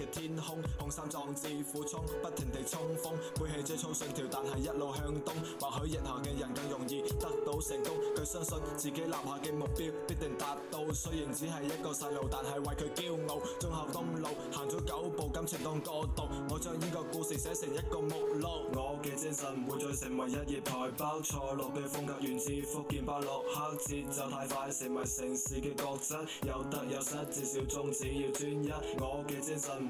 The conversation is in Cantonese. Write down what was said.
嘅天空，雄心壯志苦衷，不停地衝鋒，背棄最初信條，但係一路向東。或許日後嘅人更容易得到成功，佢相信自己立下嘅目標必定達到。雖然只係一個細路，但係為佢驕傲。中後東路行咗九步，感情當角度。我將呢個故事寫成一個目錄。我嘅精神唔會再成為一頁排包，賽落嘅風格源自福建巴洛克節奏太快，成為城市嘅國質。有得有失，至少宗旨要專一。我嘅精神。